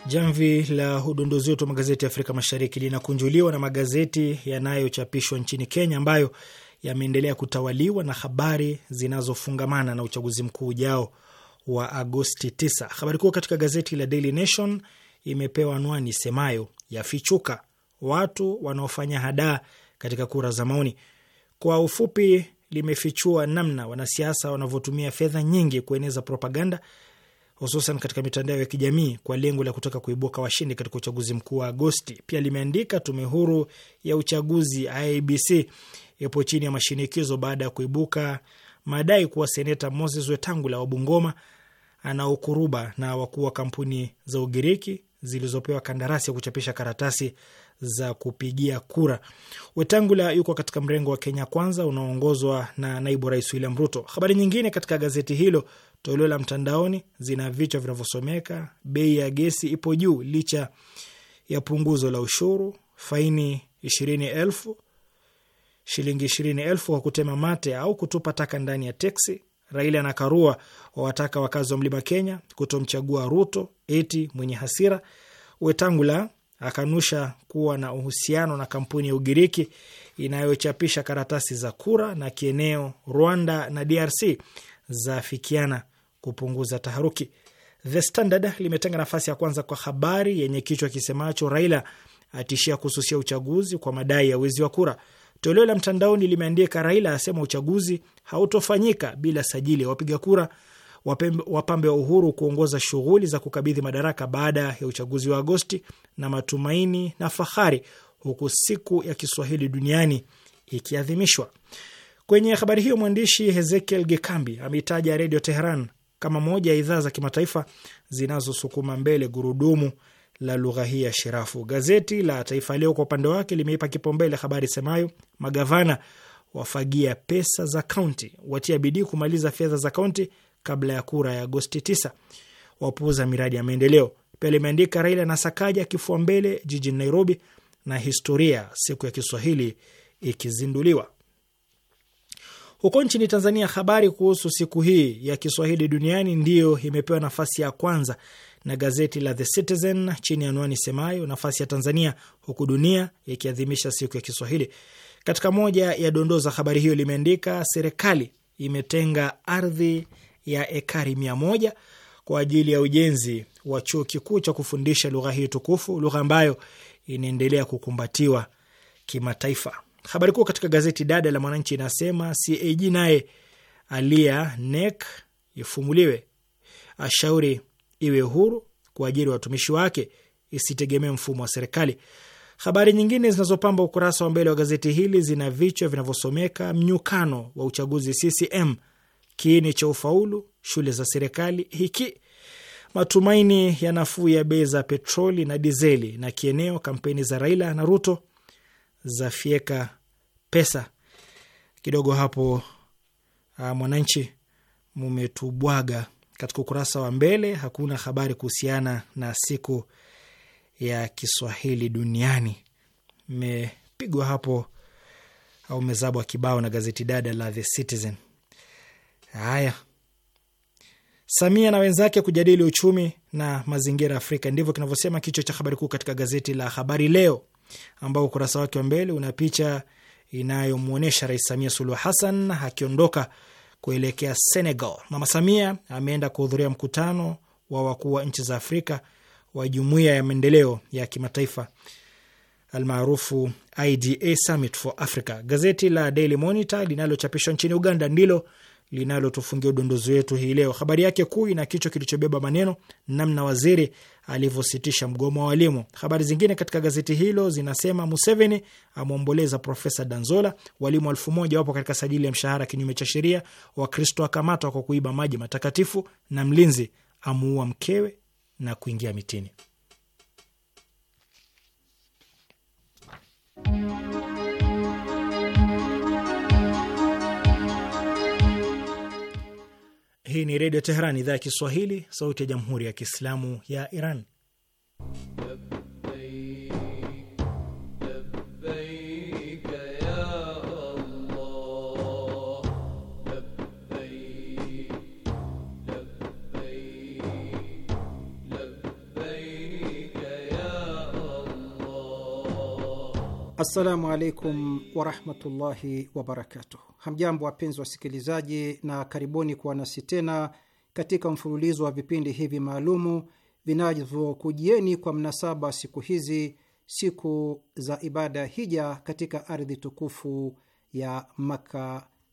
Jamvi la udondozi wetu wa magazeti ya Afrika Mashariki linakunjuliwa na magazeti yanayochapishwa nchini Kenya ambayo yameendelea kutawaliwa na habari zinazofungamana na uchaguzi mkuu ujao wa Agosti 9. Habari kuu katika gazeti la Daily Nation imepewa anwani semayo yafichuka watu wanaofanya hadaa katika kura za maoni. Kwa ufupi, limefichua namna wanasiasa wanavyotumia fedha nyingi kueneza propaganda hususan katika mitandao ya kijamii kwa lengo la kutaka kuibuka washindi katika uchaguzi mkuu wa Agosti. Pia limeandika tume huru ya uchaguzi IEBC ipo chini ya mashinikizo baada ya kuibuka madai kuwa seneta Moses Wetangula wa Bungoma ana ukuruba na wakuu wa kampuni za Ugiriki zilizopewa kandarasi ya kuchapisha karatasi za kupigia kura. Wetangula yuko katika mrengo wa Kenya Kwanza unaoongozwa na naibu rais William Ruto. Habari nyingine katika gazeti hilo toleo la mtandaoni zina vichwa vinavyosomeka: bei ya gesi ipo juu licha ya punguzo la ushuru, faini ishirini elfu shilingi ishirini elfu kwa kutema mate au kutupa taka ndani ya teksi, Raila na Karua wawataka wakazi wa mlima Kenya kutomchagua Ruto eti mwenye hasira, Wetangula akanusha kuwa na uhusiano na kampuni ya Ugiriki inayochapisha karatasi za kura, na kieneo Rwanda na DRC zafikiana kupunguza taharuki. The Standard limetenga nafasi ya kwanza kwa habari yenye kichwa kisemacho Raila atishia kususia uchaguzi kwa madai ya wizi wa kura. Toleo la mtandaoni limeandika Raila asema uchaguzi hautofanyika bila sajili ya wapiga kura. Wapambe wa Uhuru kuongoza shughuli za kukabidhi madaraka baada ya uchaguzi wa Agosti, na matumaini na fahari, huku siku ya Kiswahili duniani ikiadhimishwa. Kwenye habari hiyo mwandishi Hezekiel Gekambi ameitaja Redio Teheran kama moja ya idhaa za kimataifa zinazosukuma mbele gurudumu la lugha hii ya shirafu. Gazeti la Taifa Leo kwa upande wake limeipa kipaumbele habari semayo magavana wafagia pesa za kaunti, watia bidii kumaliza fedha za kaunti kabla ya kura ya Agosti 9, wapuuza miradi ya maendeleo. Pia limeandika Raila na Sakaja kifua mbele jijini Nairobi na historia siku ya Kiswahili ikizinduliwa. Huko nchini Tanzania, habari kuhusu siku hii ya Kiswahili duniani ndiyo imepewa nafasi ya kwanza na gazeti la The Citizen chini ya anwani semayo nafasi ya Tanzania huku dunia ikiadhimisha siku ya Kiswahili. Katika moja ya dondoo za habari hiyo limeandika, serikali imetenga ardhi ya ekari mia moja kwa ajili ya ujenzi wa chuo kikuu cha kufundisha lugha hii tukufu, lugha ambayo inaendelea kukumbatiwa kimataifa. Habari kuu katika gazeti dada la Mwananchi inasema CAG naye alia nek ifumuliwe, ashauri iwe huru kuajiri watumishi wake, isitegemee mfumo wa serikali. Habari nyingine zinazopamba ukurasa wa mbele wa gazeti hili zina vichwa vinavyosomeka mnyukano wa uchaguzi CCM, kiini cha ufaulu shule za serikali hiki, matumaini ya nafuu ya bei za petroli na dizeli, na kieneo kampeni za Raila na Ruto za fieka pesa kidogo hapo. Uh, Mwananchi mumetubwaga katika ukurasa wa mbele, hakuna habari kuhusiana na siku ya Kiswahili duniani. Mmepigwa hapo au mezabwa kibao na gazeti dada la The Citizen. Haya, Samia na wenzake kujadili uchumi na mazingira Afrika, ndivyo kinavyosema kichwa cha habari kuu katika gazeti la Habari Leo, ambao ukurasa wake wa mbele una picha inayomwonyesha Rais Samia Suluhu Hassan akiondoka kuelekea Senegal. Mama Samia ameenda kuhudhuria mkutano wa wakuu wa nchi za Afrika wa Jumuiya ya Maendeleo ya Kimataifa almaarufu IDA Summit for Africa. Gazeti la Daily Monitor linalochapishwa nchini Uganda ndilo linalotufungia udondozi wetu hii leo. Habari yake kuu ina kichwa kilichobeba maneno namna waziri alivyositisha mgomo wa walimu. Habari zingine katika gazeti hilo zinasema Museveni amwomboleza Profesa Danzola, walimu elfu moja wapo katika sajili ya mshahara kinyume cha sheria, Wakristo akamatwa kwa kuiba maji matakatifu, na mlinzi amuua mkewe na kuingia mitini. Hii ni Redio Teheran, idhaa ya Kiswahili, sauti ya Jamhuri ya Kiislamu ya Iran. Assalamu alaikum warahmatullahi wabarakatuh. Hamjambo, wapenzi wasikilizaji, na karibuni kuwa nasi tena katika mfululizo wa vipindi hivi maalumu vinavyokujieni kwa mnasaba siku hizi, siku za ibada ya hija katika ardhi tukufu ya Makka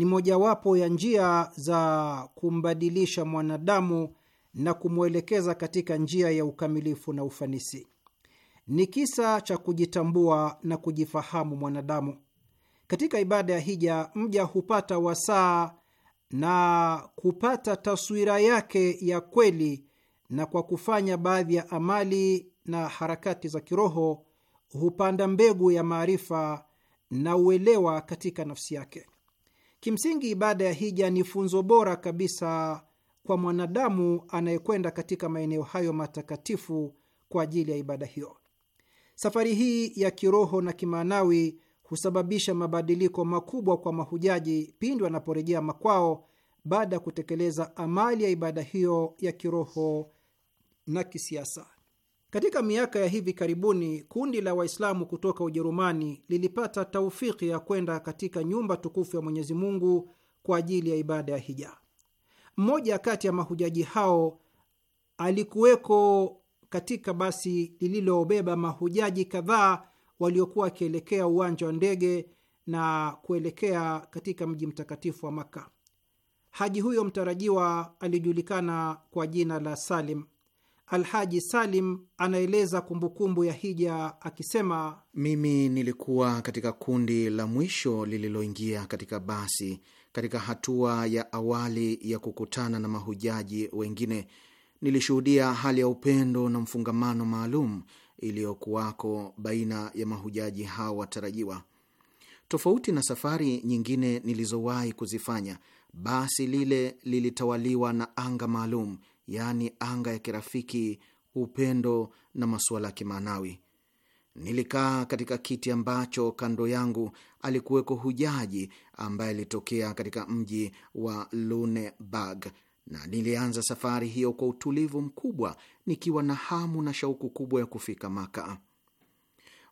ni mojawapo ya njia za kumbadilisha mwanadamu na kumwelekeza katika njia ya ukamilifu na ufanisi. Ni kisa cha kujitambua na kujifahamu mwanadamu. Katika ibada ya hija, mja hupata wasaa na kupata taswira yake ya kweli, na kwa kufanya baadhi ya amali na harakati za kiroho hupanda mbegu ya maarifa na uelewa katika nafsi yake. Kimsingi, ibada ya hija ni funzo bora kabisa kwa mwanadamu anayekwenda katika maeneo hayo matakatifu kwa ajili ya ibada hiyo. Safari hii ya kiroho na kimaanawi husababisha mabadiliko makubwa kwa mahujaji pindi wanaporejea makwao baada ya kutekeleza amali ya ibada hiyo ya kiroho na kisiasa. Katika miaka ya hivi karibuni kundi la Waislamu kutoka Ujerumani lilipata taufiki ya kwenda katika nyumba tukufu ya Mwenyezi Mungu kwa ajili ya ibada ya hija. Mmoja kati ya mahujaji hao alikuweko katika basi lililobeba mahujaji kadhaa waliokuwa wakielekea uwanja wa ndege na kuelekea katika mji mtakatifu wa Makka. Haji huyo mtarajiwa alijulikana kwa jina la Salim. Alhaji Salim anaeleza kumbukumbu ya hija akisema, mimi nilikuwa katika kundi la mwisho lililoingia katika basi katika hatua ya awali ya kukutana na mahujaji wengine. Nilishuhudia hali ya upendo na mfungamano maalum iliyokuwako baina ya mahujaji hao watarajiwa. Tofauti na safari nyingine nilizowahi kuzifanya, basi lile lilitawaliwa na anga maalum yaani anga ya kirafiki, upendo na masuala ya kimaanawi. Nilikaa katika kiti ambacho kando yangu alikuweko hujaji ambaye alitokea katika mji wa Luneburg, na nilianza safari hiyo kwa utulivu mkubwa, nikiwa na hamu na shauku kubwa ya kufika Maka.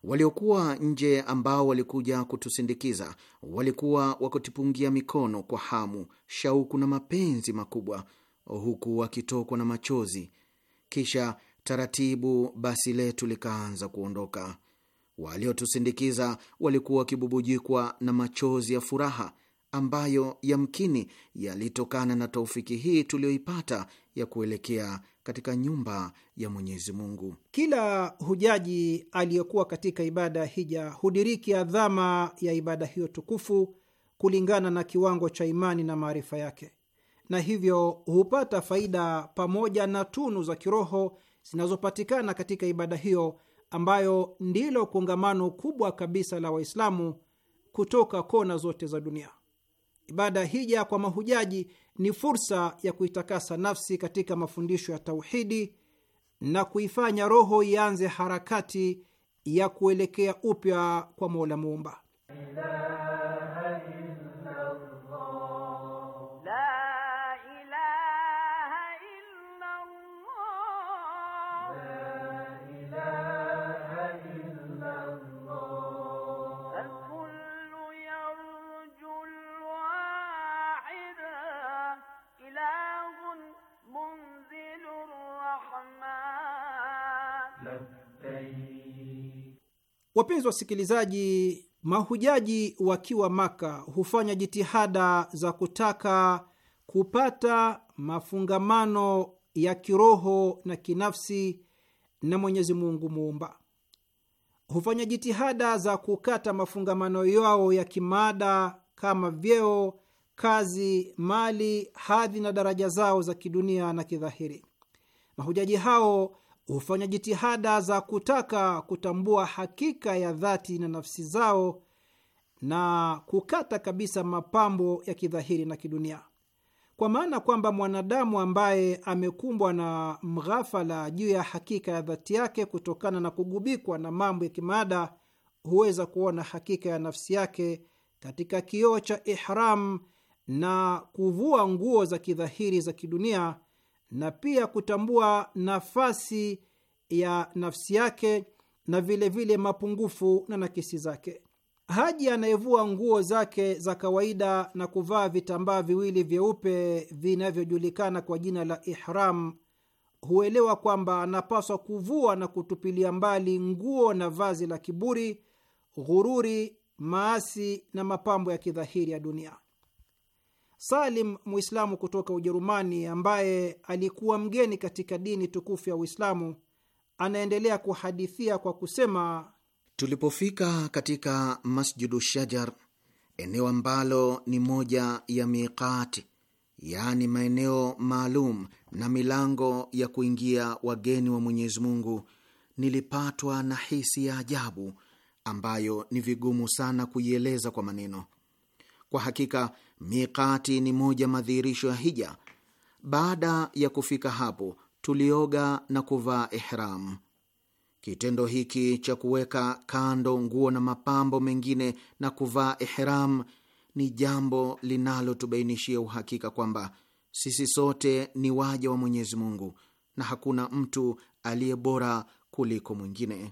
Waliokuwa nje ambao walikuja kutusindikiza walikuwa wakutipungia mikono kwa hamu, shauku na mapenzi makubwa huku wakitokwa na machozi. Kisha taratibu basi letu likaanza kuondoka. Waliotusindikiza walikuwa wakibubujikwa na machozi ya furaha ambayo yamkini yalitokana na taufiki hii tuliyoipata ya kuelekea katika nyumba ya Mwenyezi Mungu. Kila hujaji aliyekuwa katika ibada ya hija hudiriki adhama ya ibada hiyo tukufu kulingana na kiwango cha imani na maarifa yake na hivyo hupata faida pamoja na tunu za kiroho zinazopatikana katika ibada hiyo ambayo ndilo kongamano kubwa kabisa la Waislamu kutoka kona zote za dunia. Ibada hija kwa mahujaji ni fursa ya kuitakasa nafsi katika mafundisho ya tauhidi na kuifanya roho ianze harakati ya kuelekea upya kwa Mola Muumba. Wapenzi wasikilizaji, mahujaji wakiwa Maka hufanya jitihada za kutaka kupata mafungamano ya kiroho na kinafsi na Mwenyezi Mungu Muumba. Hufanya jitihada za kukata mafungamano yao ya kimaada kama vyeo, kazi, mali, hadhi na daraja zao za kidunia na kidhahiri. Mahujaji hao hufanya jitihada za kutaka kutambua hakika ya dhati na nafsi zao na kukata kabisa mapambo ya kidhahiri na kidunia, kwa maana kwamba mwanadamu ambaye amekumbwa na mghafala juu ya hakika ya dhati yake kutokana na kugubikwa na mambo ya kimaada huweza kuona hakika ya nafsi yake katika kioo cha ihram na kuvua nguo za kidhahiri za kidunia na pia kutambua nafasi ya nafsi yake na vilevile vile mapungufu na nakisi zake. Haji anayevua nguo zake za kawaida na kuvaa vitambaa viwili vyeupe vinavyojulikana kwa jina la ihram huelewa kwamba anapaswa kuvua na kutupilia mbali nguo na vazi la kiburi, ghururi, maasi na mapambo ya kidhahiri ya dunia. Salim, Muislamu kutoka Ujerumani ambaye alikuwa mgeni katika dini tukufu ya Uislamu, anaendelea kuhadithia kwa kusema, tulipofika katika Masjidu Shajar, eneo ambalo ni moja ya miqati, yaani maeneo maalum na milango ya kuingia wageni wa Mwenyezi Mungu, nilipatwa na hisi ya ajabu ambayo ni vigumu sana kuieleza kwa maneno. Kwa hakika Miqati ni moja madhihirisho ya hija. Baada ya kufika hapo, tulioga na kuvaa ihram. Kitendo hiki cha kuweka kando nguo na mapambo mengine na kuvaa ihram ni jambo linalotubainishia uhakika kwamba sisi sote ni waja wa Mwenyezi Mungu na hakuna mtu aliye bora kuliko mwingine.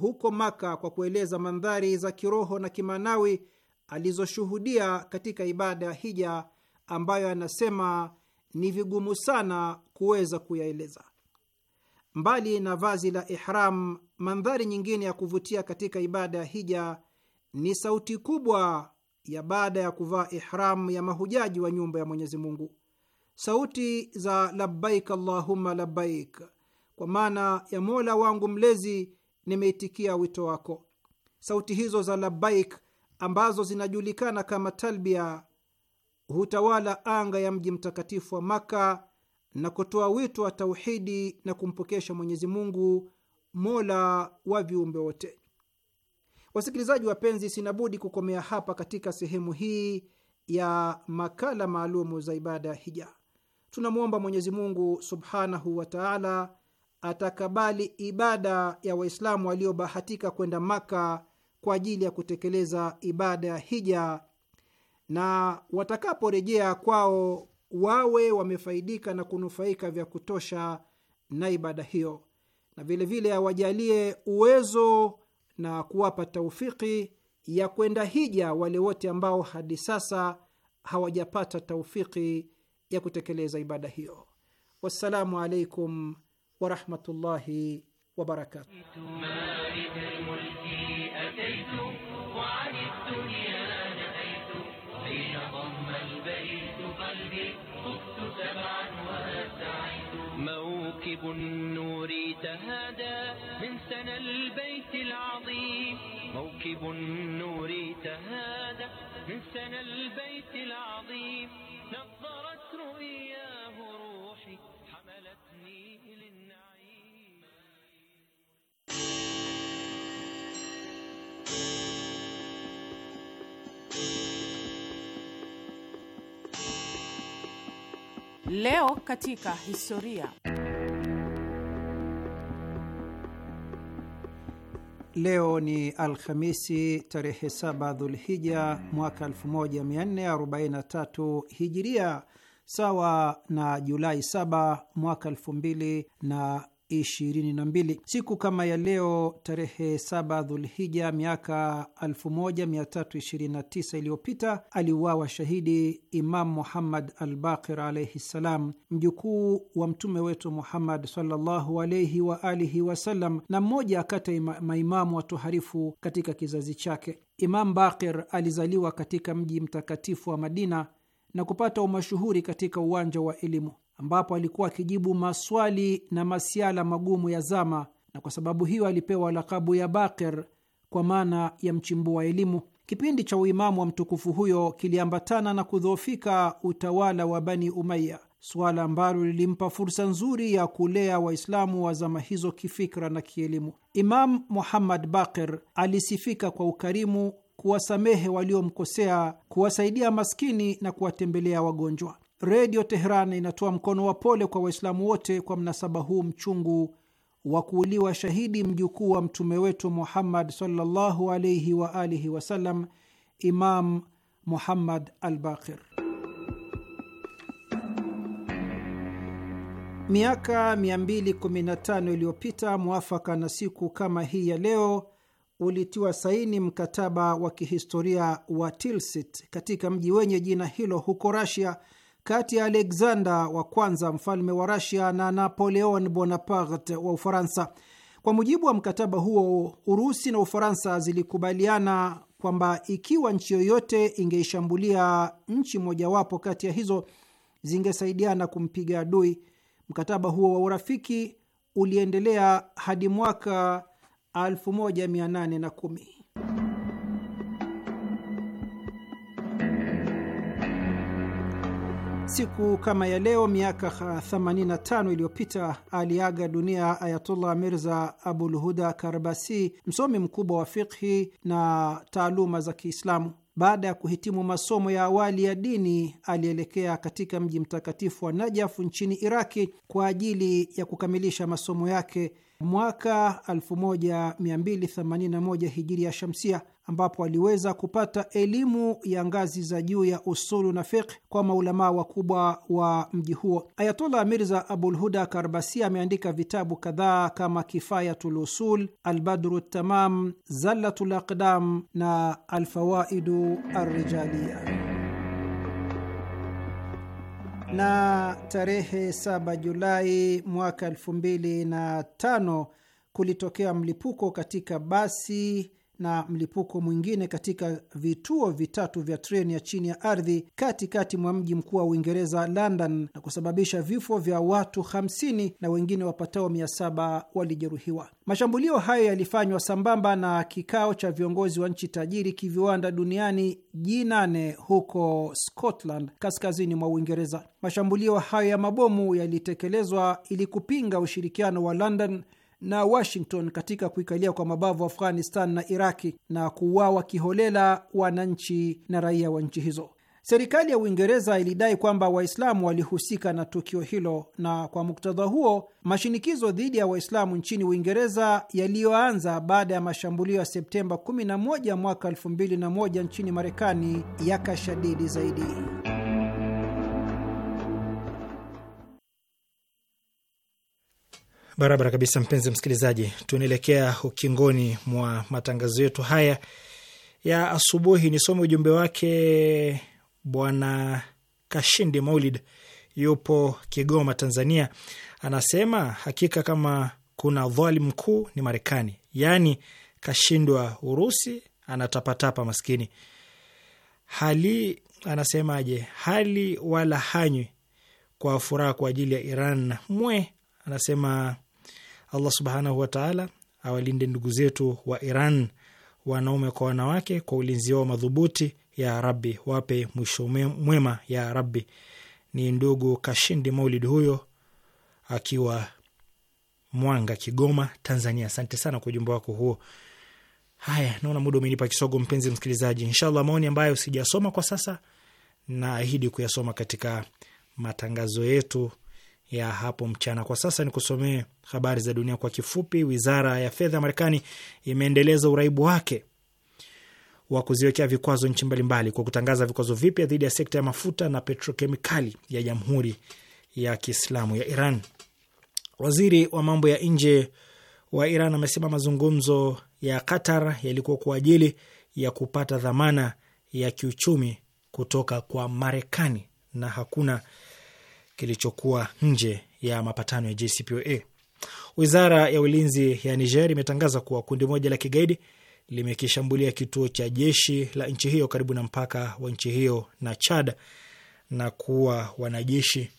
huko Maka kwa kueleza mandhari za kiroho na kimanawi alizoshuhudia katika ibada ya hija ambayo anasema ni vigumu sana kuweza kuyaeleza. Mbali na vazi la ihram, mandhari nyingine ya kuvutia katika ibada ya hija ni sauti kubwa ya baada ya kuvaa ihram ya mahujaji wa nyumba ya Mwenyezi Mungu, sauti za labbaik allahumma labbaik, kwa maana ya mola wangu mlezi nimeitikia wito wako. Sauti hizo za labaik ambazo zinajulikana kama talbia hutawala anga ya mji mtakatifu wa Maka na kutoa wito wa tauhidi na kumpokesha Mwenyezi Mungu, mola wa viumbe wote. Wasikilizaji wapenzi, sinabudi kukomea hapa katika sehemu hii ya makala maalumu za ibada ya hija. Tunamwomba Mwenyezi Mungu subhanahu wa taala atakabali ibada ya Waislamu waliobahatika kwenda Maka kwa ajili ya kutekeleza ibada ya hija, na watakaporejea kwao wawe wamefaidika na kunufaika vya kutosha na ibada hiyo, na vilevile awajalie uwezo na kuwapa taufiki ya kwenda hija wale wote ambao hadi sasa hawajapata taufiki ya kutekeleza ibada hiyo. Wassalamu alaikum ورحمة الله وبركاته وعن الدنيا نهيت حين ضم البيت قلبي خفت سبعا وسعيت موكب النور تهادى من سنى البيت العظيم موكب النور تهادى من سنى البيت العظيم نظرت رؤيا Leo katika historia. Leo ni Alhamisi tarehe 7 Dhulhija mwaka 1443 Hijiria, sawa na Julai 7 mwaka 2000 na 22. Siku kama ya leo tarehe 7 Dhulhija miaka 1329 iliyopita aliuawa shahidi Imam Muhammad al Baqir alaihi ssalam, mjukuu wa mtume wetu Muhammad sallallahu alaihi wa alihi wasallam, na mmoja kati ya maimamu watoharifu katika kizazi chake. Imam Baqir alizaliwa katika mji mtakatifu wa Madina na kupata umashuhuri katika uwanja wa elimu ambapo alikuwa akijibu maswali na masiala magumu ya zama, na kwa sababu hiyo alipewa lakabu ya Bakir kwa maana ya mchimbua elimu. Kipindi cha uimamu wa mtukufu huyo kiliambatana na kudhoofika utawala wa Bani Umaya, suala ambalo lilimpa fursa nzuri ya kulea Waislamu wa zama hizo kifikra na kielimu. Imam Muhammad Bakir alisifika kwa ukarimu, kuwasamehe waliomkosea, kuwasaidia maskini na kuwatembelea wagonjwa. Redio Teheran inatoa mkono wa pole kwa Waislamu wote kwa mnasaba huu mchungu wa kuuliwa shahidi mjukuu wa mtume wetu Muhammad sallallahu alaihi wa alihi wasallam, Imam Muhammad al-Baqir. Miaka 215 iliyopita mwafaka na siku kama hii ya leo ulitiwa saini mkataba wa kihistoria wa Tilsit katika mji wenye jina hilo huko Rasia kati ya Alexander wa kwanza mfalme wa Rasia na Napoleon Bonaparte wa Ufaransa. Kwa mujibu wa mkataba huo, Urusi na Ufaransa zilikubaliana kwamba ikiwa nchi yoyote ingeishambulia nchi mojawapo kati ya hizo zingesaidiana kumpiga adui. Mkataba huo wa urafiki uliendelea hadi mwaka 1810. Siku kama ya leo miaka 85 iliyopita aliaga dunia Ayatullah Mirza Abulhuda Karbasi, msomi mkubwa wa fikhi na taaluma za Kiislamu. Baada ya kuhitimu masomo ya awali ya dini, alielekea katika mji mtakatifu wa Najafu nchini Iraki kwa ajili ya kukamilisha masomo yake mwaka 1281 hijiria shamsia, ambapo aliweza kupata elimu ya ngazi za juu ya usulu na fiqh kwa maulamaa wakubwa wa mji huo. Ayatollah Mirza Abul Huda Karbasi ameandika vitabu kadhaa kama Kifayatul Usul, Albadru Tamam, Zallatul Aqdam na Alfawaidu Arrijalia na tarehe 7 Julai mwaka 2005 kulitokea mlipuko katika basi na mlipuko mwingine katika vituo vitatu vya treni ya chini ya ardhi katikati mwa mji mkuu wa Uingereza, London, na kusababisha vifo vya watu 50 na wengine wapatao 700 walijeruhiwa. Mashambulio hayo yalifanywa sambamba na kikao cha viongozi wa nchi tajiri kiviwanda duniani G8 huko Scotland, kaskazini mwa Uingereza. Mashambulio hayo ya mabomu yalitekelezwa ili kupinga ushirikiano wa London na Washington katika kuikalia kwa mabavu Afghanistan na Iraki na kuuawa kiholela wananchi na raia wa nchi hizo. Serikali ya Uingereza ilidai kwamba Waislamu walihusika na tukio hilo, na kwa muktadha huo mashinikizo dhidi ya Waislamu nchini Uingereza yaliyoanza baada ya mashambulio ya Septemba 11 mwaka 2001 nchini Marekani yakashadidi zaidi. Barabara kabisa, mpenzi msikilizaji, tunaelekea ukingoni mwa matangazo yetu haya ya asubuhi. Nisome ujumbe wake Bwana Kashindi Maulid, yupo Kigoma, Tanzania. Anasema hakika kama kuna dhalim mkuu ni Marekani, yaani kashindwa Urusi, anatapatapa maskini hali anasemaje, hali wala hanywi kwa furaha kwa ajili ya Iran mwe, anasema Allah subhanahu wataala awalinde ndugu zetu wa Iran, wanaume kwa wanawake, kwa ulinzi wao madhubuti. Ya rabi wape mwisho mwema. Ya rabi Ni ndugu Kashindi Maulid huyo akiwa Mwanga, Kigoma, Tanzania. Asante sana kwa ujumbe wako huo. Haya, naona muda umenipa kisogo, mpenzi msikilizaji. Inshallah, maoni ambayo sijasoma kwa sasa naahidi kuyasoma katika matangazo yetu ya hapo mchana. Kwa sasa ni kusomee habari za dunia kwa kifupi. Wizara ya fedha ya Marekani imeendeleza uraibu wake wa kuziwekea vikwazo nchi mbalimbali kwa kutangaza vikwazo vipya dhidi ya sekta ya mafuta na petrokemikali ya Jamhuri ya Kiislamu ya Iran. Waziri wa mambo ya nje wa Iran amesema mazungumzo ya Qatar yalikuwa kwa ajili ya kupata dhamana ya kiuchumi kutoka kwa Marekani na hakuna kilichokuwa nje ya mapatano ya JCPOA. Wizara ya ulinzi ya Niger imetangaza kuwa kundi moja la kigaidi limekishambulia kituo cha jeshi la nchi hiyo karibu na mpaka wa nchi hiyo na Chad na kuwa wanajeshi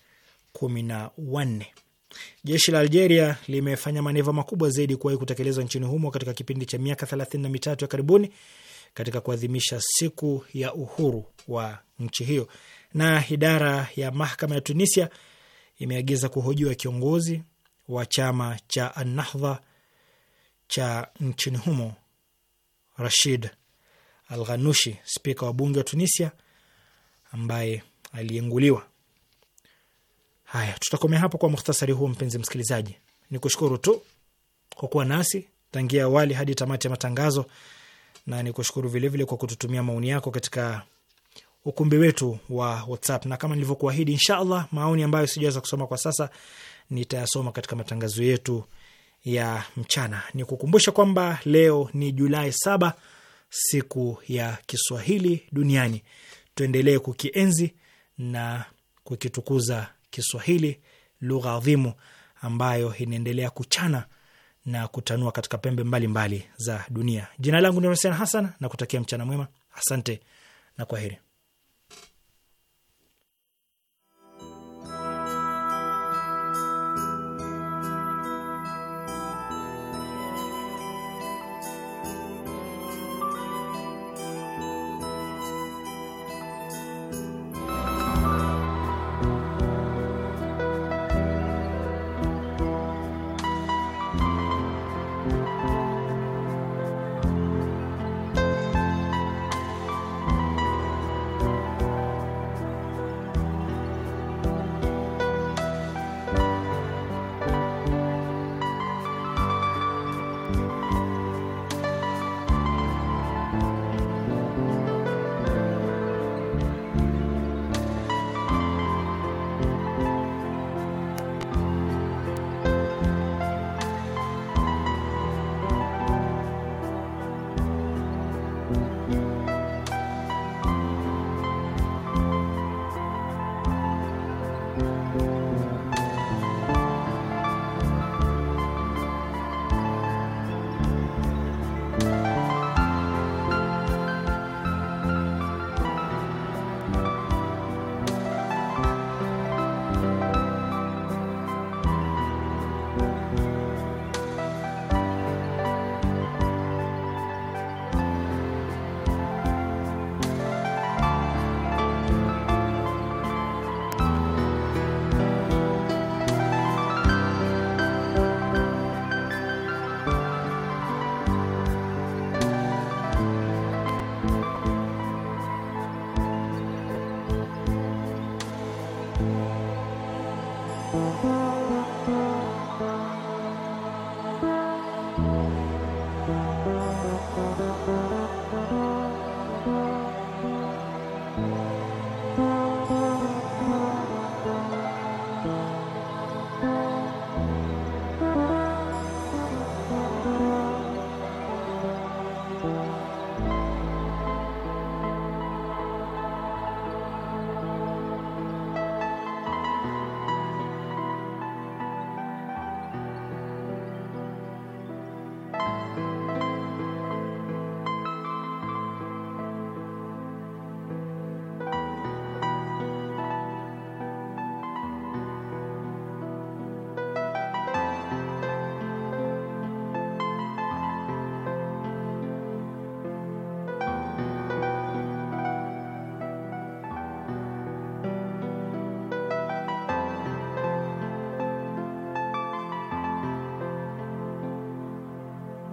kumi na wanne. Jeshi la Algeria limefanya maneva makubwa zaidi kuwahi kutekelezwa nchini humo katika kipindi cha miaka thelathini na mitatu ya karibuni katika kuadhimisha siku ya uhuru wa nchi hiyo. Na idara ya mahakama ya Tunisia imeagiza kuhojiwa kiongozi wa chama cha Annahdha cha nchini humo Rashid Al Ghanushi, spika wa bunge wa Tunisia ambaye aliinguliwa Haya, tutakomea hapo kwa muhtasari huo. Mpenzi msikilizaji, ni kushukuru tu kwa kuwa nasi tangia awali hadi tamati ya matangazo, na ni kushukuru vilevile kwa kututumia maoni yako katika ukumbi wetu wa WhatsApp, na kama nilivyokuahidi, inshallah maoni ambayo sijaweza kusoma kwa sasa nitayasoma katika matangazo yetu ya mchana. Ni kukumbusha kwamba leo ni Julai saba, siku ya Kiswahili duniani. Tuendelee kukienzi na kukitukuza Kiswahili, lugha adhimu ambayo inaendelea kuchana na kutanua katika pembe mbalimbali mbali za dunia. Jina langu ni Hussein Hassan na kutakia mchana mwema. Asante na kwaheri.